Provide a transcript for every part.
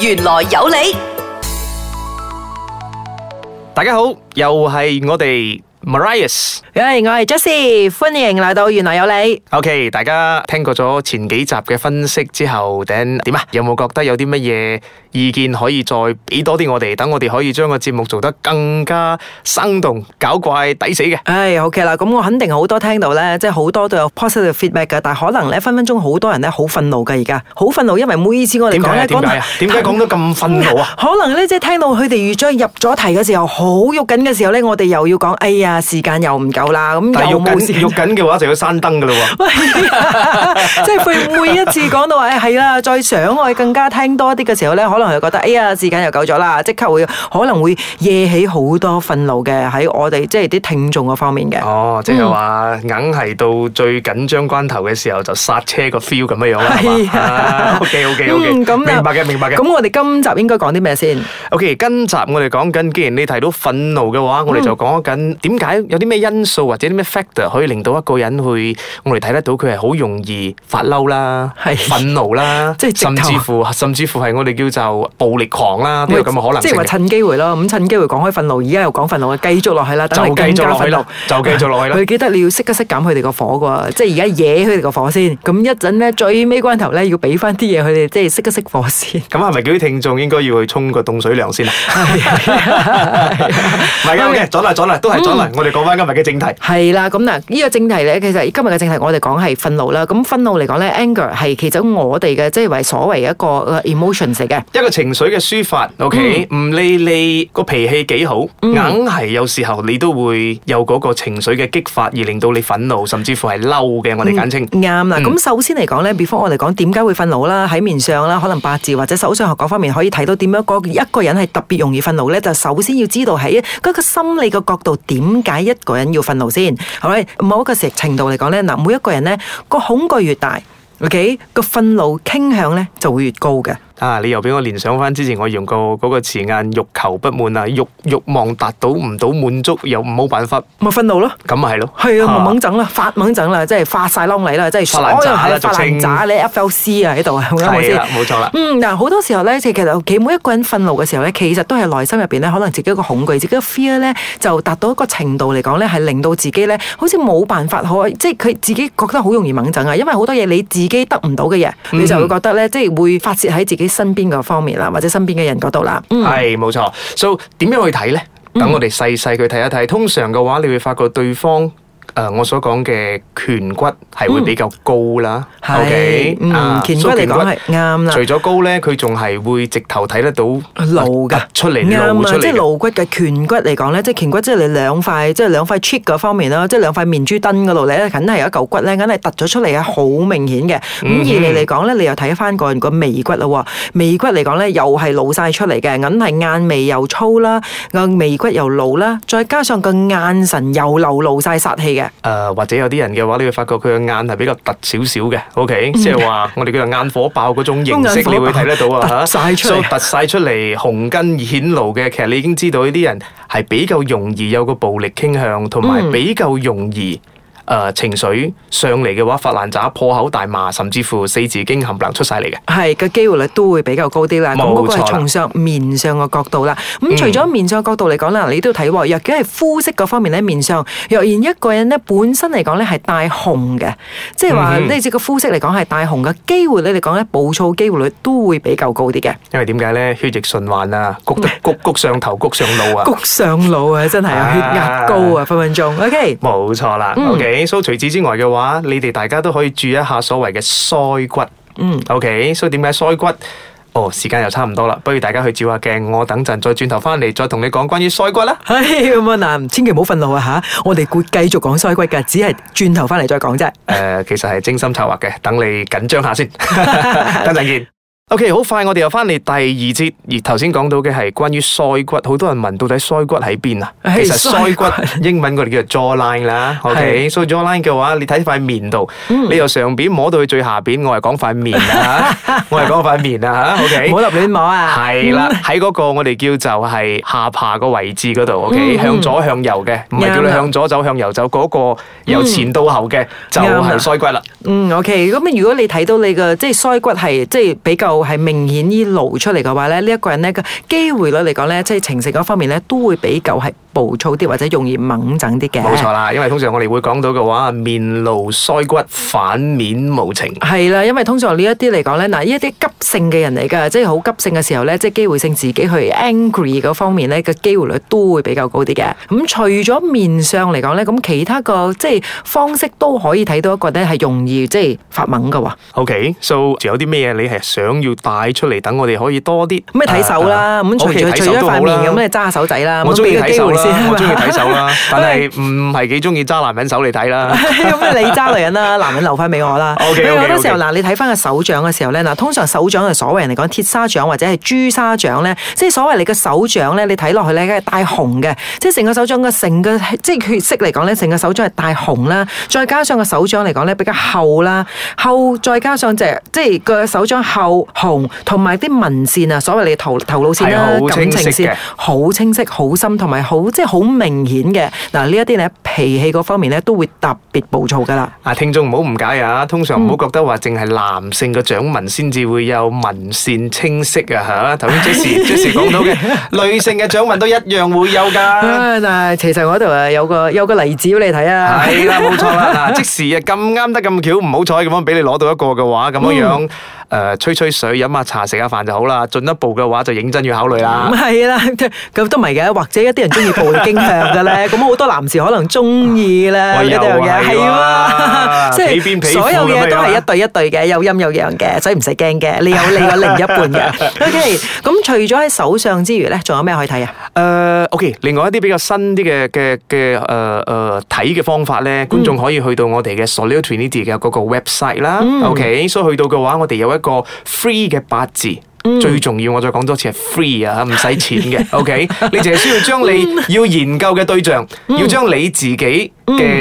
玄來有理，大家好，又係我哋。Marius，歡迎，我係 Jesse，歡迎來到玄來有理。OK，大家聽過咗前幾集嘅分析之後，等點啊？有冇覺得有啲乜嘢意見可以再俾多啲我哋？等我哋可以將個節目做得更加生動、搞怪、抵死嘅。哎，OK 啦，咁我肯定好多聽到咧，即係好多都有 positive feedback 噶，但係可能咧，分分鐘好多人咧好憤怒㗎而家，好憤怒，因為每次我哋講咧，講得點解講得咁憤怒啊？可能咧，即係聽到佢哋預咗入咗題嘅時候好喐緊嘅時候咧，我哋又要講哎呀～時間又唔夠啦，咁又冇事。續緊嘅話就要閂燈噶啦，即係會每一次講到話，誒係啊，再想我哋更加聽多啲嘅時候咧，可能又覺得，哎呀時間又夠咗啦，即刻會可能會惹起好多憤怒嘅喺我哋即係啲聽眾嗰方面嘅。哦，即係話硬係到最緊張關頭嘅時候就剎車個 feel 咁樣樣啦嘛。O K O K O K，明白嘅明白嘅。咁我哋今集應該講啲咩先？O K，今集我哋講緊，既然你提到憤怒嘅話，我哋就講緊點。解有啲咩因素或者啲咩 factor 可以令到一個人去我哋睇得到佢係好容易發嬲啦，憤怒啦，即係甚至乎甚至乎係我哋叫做暴力狂啦，都有咁嘅可能性。即係話趁機會咯，咁趁機會講開憤怒，而家又講憤怒，繼續落去啦，就繼續落去，就繼續落去啦。佢記得你要熄一熄減佢哋個火嘅喎，即係而家惹佢哋個火先，咁一陣咧最尾關頭咧要俾翻啲嘢佢哋，即係熄一熄火先。咁係咪叫啲聽眾應該要去沖個凍水涼先啦？係，唔係嘅，唔嘅，轉啦轉啦，都係轉啦。我哋講翻今日嘅正題，係啦，咁嗱，呢個正題咧，其實今日嘅正題，我哋講係憤怒啦。咁憤怒嚟講咧，anger 係其實我哋嘅即係為所謂一個 emotion 嚟嘅，一個情緒嘅抒發。OK，唔理你個脾氣幾好，硬係有時候你都會有嗰個情緒嘅激發，而令到你憤怒，甚至乎係嬲嘅。我哋簡稱，啱啦。咁首先嚟講咧，before 我哋講點解會憤怒啦，喺面上啦，可能八字或者手相學嗰方面可以睇到點樣個一個人係特別容易憤怒咧。就首先要知道喺嗰個心理嘅角度點解一個人要憤怒先，係咪？某一個程度嚟講咧，嗱，每一個人咧個恐懼越大，OK，個憤怒傾向咧就會越高嘅。啊！你又俾我聯想翻之前我用過個嗰個詞眼，欲求不滿啊，欲慾望達到唔到滿足又冇辦法，咪啊憤怒咯，咁咪係咯，係啊，啊猛猛整啦，發猛整啦，即係發晒窿你啦，即係發爛渣啦，發爛渣你，你，稱你 F L C 啊喺度啊，好冇先，冇、啊、錯啦。嗯，嗱、啊、好多時候咧，其實其實每一個人憤怒嘅時候咧，其實都係內心入邊咧，可能自己一個恐懼，自己嘅 fear 咧就達到一個程度嚟講咧，係令到自己咧好似冇辦法可，即係佢自己覺得好容易掹震啊，因為好多嘢你自己得唔到嘅嘢，你就會覺得咧，嗯、即係會發泄喺自己。身邊嗰方面啦，或者身邊嘅人嗰度啦，係冇錯。So，點樣去睇呢？等我哋細細去睇一睇。嗯、通常嘅話，你會發覺對方。Uh, 我所講嘅顴骨係會比較高啦。係、嗯，okay? 嗯，顴骨嚟講係啱啦。除咗高咧，佢仲係會直頭睇得到露嘅出嚟。啱啊，即係露骨嘅顴骨嚟講咧，即係顴骨即係兩塊，即係兩塊 cheek 嗰方面啦，即係兩塊面珠墩嗰度咧，緊係有一嚿骨咧，緊係凸咗出嚟嘅，好明顯嘅。咁而你嚟講咧，你又睇翻個人個眉骨啦。喎，眉骨嚟講咧，又係露晒出嚟嘅，梗係眼眉又粗啦，個眉骨又露啦，再加上個眼神又流露晒殺氣嘅。誒、呃，或者有啲人嘅話，你會發覺佢嘅眼係比較凸少少嘅，OK，即係話我哋叫做眼火爆嗰種形式，火你會睇得到凸啊晒出，凸晒出嚟紅根顯露嘅。其實你已經知道呢啲人係比較容易有個暴力傾向，同埋比較容易、嗯。誒，情緒上嚟嘅話，發爛渣、破口大罵，甚至乎四字經冚唪唥出曬嚟嘅，係個機會率都會比較高啲啦。冇錯啦。咁嗰個係從上面上嘅角度啦。咁除咗面上角度嚟講啦，你都要睇喎。若果係膚色嗰方面咧，面上若然一個人咧，本身嚟講咧係帶紅嘅，即係話呢隻個膚色嚟講係帶紅嘅，機會你嚟講咧，暴躁機會率都會比較高啲嘅。因為點解咧？血液循環啊，谷得谷谷上頭，谷上腦啊，谷上腦啊，真係啊，血壓高啊，分分鐘 OK。冇錯啦，OK。除除此之外嘅話，你哋大家都可以注意一下所謂嘅腮骨。嗯，OK，所以點解腮骨？哦，時間又差唔多啦，不如大家去照下鏡，我等陣再轉頭翻嚟，再同你講關於腮骨啦。唉咁啊，嗱，千祈唔好憤怒啊吓，我哋會繼續講腮骨噶，只係轉頭翻嚟再講啫。誒，其實係精心策劃嘅，等你緊張下先。等陣見。OK，好快，okay，我哋又翻嚟第二節，而頭先講到嘅係關於腮骨，好多人問到底腮骨喺邊啊？其實腮骨英文我哋叫 hey, jawline 嘅，OK. so OK. 所以 jawline 嘅話,你睇塊面度，你由上邊摸到去最下邊，我係講塊面啦。我係講塊面啦。OK，唔好立亂摸啊？係啦，喺嗰個我哋叫就係下巴個位置嗰度。OK，向左向右嘅，唔係叫你向左走向右走，嗰個由前到後嘅就係腮骨啦。嗯，OK，咁如果你睇到你個即係腮骨係即係比較係明顯啲露出嚟嘅話咧，呢一個人咧，個機會率嚟講咧，即係情緒嗰方面咧，都會比較係暴躁啲或者容易猛憎啲嘅。冇錯啦，因為通常我哋會講到嘅話，面露腮骨，反面無情。係啦，因為通常呢一啲嚟講咧，嗱呢一啲急性嘅人嚟噶即係好急性嘅時候咧，即係機會性自己去 angry 嗰方面咧，個機會率都會比較高啲嘅。咁除咗面相嚟講咧，咁其他個即係方式都可以睇到一個咧，係容易即係發猛噶喎。Okay，so 仲有啲咩嘢你係想要？要帶出嚟，等我哋可以多啲咩睇手啦，咁除咗除咗塊面咁，咩揸手仔啦，咁俾個機會先。我中意睇手啦，但係唔係幾中意揸男人手嚟睇啦。咁你揸女人啦，男人留翻俾我啦。OK OK。好多時候嗱，你睇翻個手掌嘅時候咧，嗱，通常手掌係所謂人嚟講鐵砂掌或者係朱砂掌咧，即係所謂你個手掌咧，你睇落去咧，梗係帶紅嘅，即係成個手掌嘅成個即係血色嚟講咧，成個手掌係帶紅啦。再加上個手掌嚟講咧，比較厚啦，厚再加上隻即係個手掌厚。同同埋啲文線啊，所謂你頭頭腦線啦、感情線，好清晰、好深同埋好即係好明顯嘅，嗱，呢一啲咧脾氣嗰方面咧都會特別暴躁噶啦。啊，聽眾唔好誤解啊，通常唔好覺得話淨係男性嘅掌紋先至會有文線清晰啊嚇。頭先 Jesse Jesse 講到嘅女性嘅掌紋都一樣會有㗎。嗱，其實我度啊有個有個例子俾你睇啊。係啦，冇錯啦。嗱，即時啊咁啱得咁巧，唔好彩咁樣俾你攞到一個嘅話，咁樣樣誒吹吹水。去飲下茶、食下飯就好啦。進一步嘅話，就認真要考慮啦。咁係啦，咁都唔係嘅。或者一啲人中意暴力傾向嘅咧，咁好多男士可能中意咧呢樣嘅，係啊，即係所有嘢都係一對一對嘅，有陰有陽嘅，所以唔使驚嘅。你有你嘅另一半嘅。OK，咁除咗喺手上之餘咧，仲有咩可以睇啊？誒，OK，另外一啲比較新啲嘅嘅嘅誒誒睇嘅方法咧，觀眾可以去到我哋嘅 Solid Trinity 嘅嗰個 website 啦。OK，所以去到嘅話，我哋有一個 free 嘅八字，嗯、最重要，我再講多次係 free 啊，唔使錢嘅。 OK，你淨係需要將你要研究嘅對象，嗯、要將你自己嘅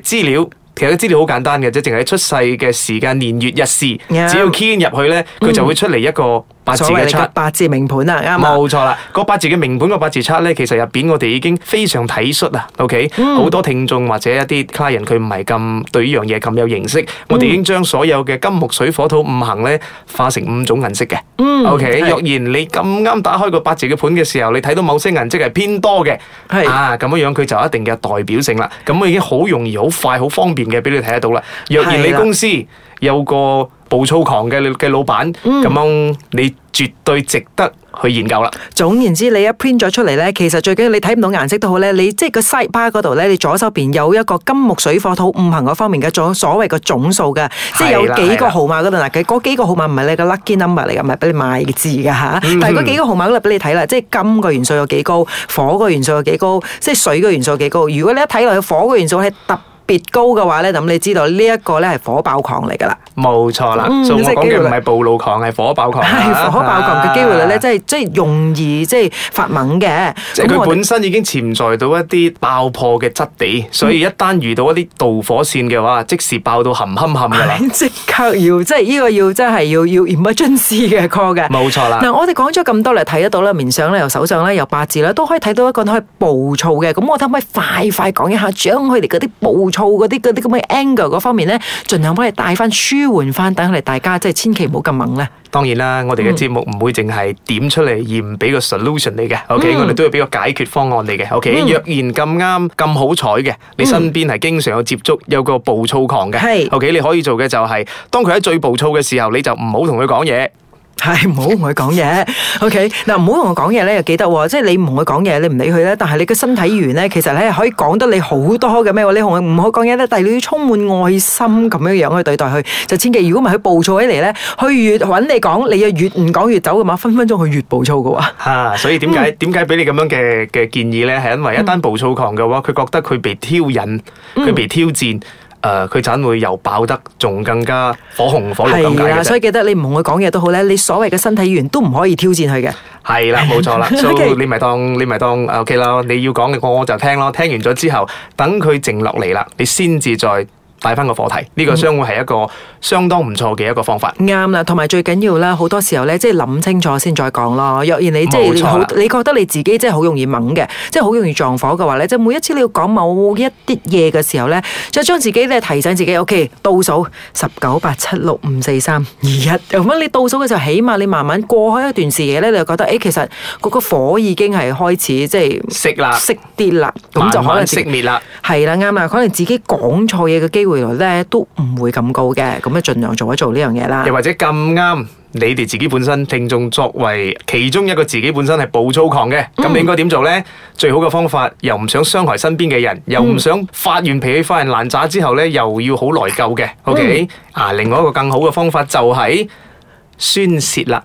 資料，嗯、其實個資料好簡單嘅啫，淨係出世嘅時間、年月日時，嗯、只要 key 入去呢，佢就會出嚟一個。錯，我哋嘅八字命盤啊，啱嘛？冇錯啦，錯，個八字嘅命盤，個八字測咧，其實入邊我哋已經非常體恤啊。OK，好、嗯、多聽眾或者一啲客人，佢唔係咁對呢樣嘢咁有認識，我哋已經將所有嘅金木水火土五行咧，化成五種顏色嘅。OK，、嗯、若然你咁啱打開個八字嘅盤嘅時候，你睇到某些顏色係偏多嘅，係是啊咁樣樣，佢就一定有代表性啦。咁我已經好容易、好快、好方便嘅，俾你睇得到啦。若然你公司有個。暴躁狂嘅嘅老闆，咁樣你絕對值得去研究啦。總言之，你一 print 咗出嚟咧，其實最緊要你睇唔到顏色都好咧。你即係個西巴嗰度咧，你左手邊有一個金木水火土五行嗰方面嘅所所謂嘅總數嘅，即係有幾個號碼嗰度嗱。嗰幾個號碼唔係你嘅 lucky number 嚟嘅，唔係俾你買嘅字嘅嚇。但係嗰幾個號碼嗰度俾你睇啦，即係金嘅元素有幾高，火嘅元素有幾高，即係水嘅元素有幾高。如果你一睇落去，火嘅元素係特。高嘅話咧，咁你知道呢一個咧係火爆狂嚟㗎啦，冇錯啦。所以、嗯、我講唔係暴露狂，係、嗯、火爆狂。係、啊、火爆狂嘅機會率咧，即係即係容易即係發猛嘅。佢本身已經潛在到一啲爆破嘅質地，所以一旦遇到一啲導火線嘅話，嗯、即時爆到冚冚冚㗎，即刻要即係呢個要真係要要 emergency 嘅 call 嘅。冇錯啦。嗱、啊，我哋講咗咁多嚟睇得到啦，面相咧，由手上咧，由八字咧，都可以睇到一個可以暴躁嘅。咁我可唔可以快快講一下將佢哋嗰啲暴躁？嗰啲嗰啲咁嘅 anger 嗰方面咧，盡量幫你帶翻舒緩翻，等佢哋大家即係千祈唔好咁猛咧。當然啦，我哋嘅節目唔會淨係點出嚟而唔俾個 solution 嚟嘅。OK，我哋都要俾個解決方案嚟嘅。OK，若然咁啱咁好彩嘅，你身邊係經常有接觸有個暴躁狂嘅。係 OK，你可以做嘅就係當佢喺最暴躁嘅時候，你就唔好同佢講嘢。係唔好同佢講嘢，OK 嗱，唔好同佢講嘢咧，又記得即係你唔同佢講嘢，你唔理佢咧。但係你個身體語言咧，其實你可以講得你好多嘅咩？你同佢唔好講嘢咧，但係你要充滿愛心咁樣樣去對待佢，就千祈如果唔係佢暴躁起嚟咧，佢越搵你講，你又越唔講越走嘅嘛，分分鐘佢越暴躁嘅。吓，所以點解點解俾你咁樣嘅嘅建議咧？係因為一單暴躁狂嘅話，佢覺得佢被挑釁，佢被挑戰。誒，佢就咁會又爆得仲更加火紅火綠咁解、啊、而已，所以記得你唔同佢講嘢都好咧，你所謂嘅身體語言都唔可以挑戰佢嘅。係、啊、啦，冇錯啦。所以你咪當，你咪當，OK 咯。你要講嘅，我就聽咯。聽完咗之後，等佢靜落嚟啦，你先至再。帶翻個課題，呢、這個將會係一個相當唔錯嘅一個方法。啱啦、嗯，同埋最緊要咧，好多時候咧，即係諗清楚先再講咯。若然你即係、就是、你覺得你自己即係好容易懵嘅，即係好容易撞火嘅話咧，即、就、係、是、每一次你要講某一啲嘢嘅時候咧，就將自己咧提醒自己，O、okay, K，倒數十九八七六五四三二一。咁你倒數嘅時候，起碼你慢慢過去一段時間咧，你就覺得誒、哎，其實嗰個火已經係開始即係、就是、熄啦了，熄啲啦，咁就可能慢慢熄滅啦。係啦，啱啊，可能自己講錯嘢嘅機會。未來咧都唔會咁高嘅，咁就盡量做一做呢樣嘢啦。又或者咁啱，你哋自己本身聽眾作為其中一個自己本身係暴躁狂嘅，咁、嗯、你應該點做呢？最好嘅方法又唔想傷害身邊嘅人，又唔想發完脾氣發爛渣之後咧，又要好內疚嘅。OK、嗯、啊，另外一個更好嘅方法就係宣洩啦。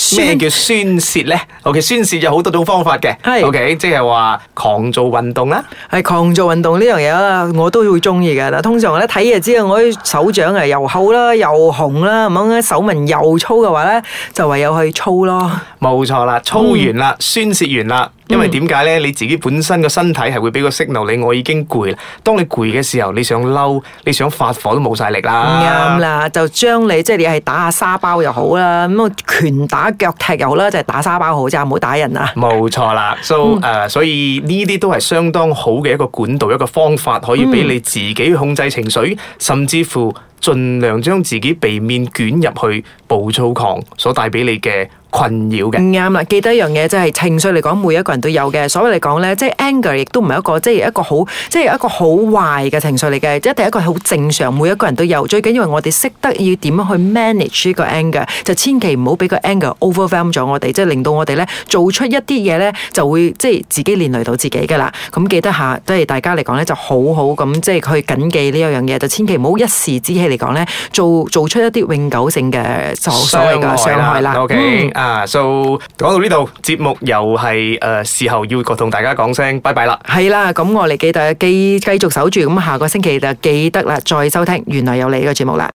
咩宣叫宣泄咧？OK，宣泄有好多種方法嘅。係是 OK，即係話狂做運動啦。係狂做運動呢樣嘢啦，我都會中意嘅。但，通常我咧睇嘢之後，我啲手掌啊又厚啦，又紅啦，咁樣手紋又粗嘅話咧，就唯有去操咯。冇錯啦，操完啦，嗯、宣泄完啦。因為點解咧？你自己本身個身體係會俾個信號你，我已經攰啦。當你攰嘅時候，你想嬲，你想發火都冇晒力啦。啱啦、嗯嗯，就將你即係你係打下沙包又好啦，咁拳打腳踢又好啦，就係、是、打沙包好，即係唔好打人啊。冇錯啦， so, uh, 所以誒，所以呢啲都係相當好嘅一個管道，嗯、一個方法，可以俾你自己控制情緒，嗯、甚至乎盡量將自己避免捲入去暴躁狂所帶俾你嘅困擾嘅。唔啱啦！記得一樣嘢就係情緒嚟講，每一個人都有嘅。所謂嚟講咧，即係 anger 亦都唔係一個即係一個好即係一個好壞嘅情緒嚟嘅，一定係一個好正常，每一個人都有。最緊要係我哋識得要點樣去 manage 呢個 anger，就千祈唔好俾個 anger overwhelm 咗我哋，即係令到我哋咧做出一啲嘢咧就會即係自己連累到自己噶啦。咁記得下即係大家嚟講咧就好好咁即係去緊記呢一樣嘢，就千祈唔好一時之氣嚟講咧做做出一啲永久性嘅所謂嘅傷害啦。Okay. 啊，所以講到呢度，節目又係誒，時候，要同大家講聲拜拜啦。係啦，咁我哋記得繼繼續守住，咁下個星期就記得啦，再收聽《玄來有理》個節目啦。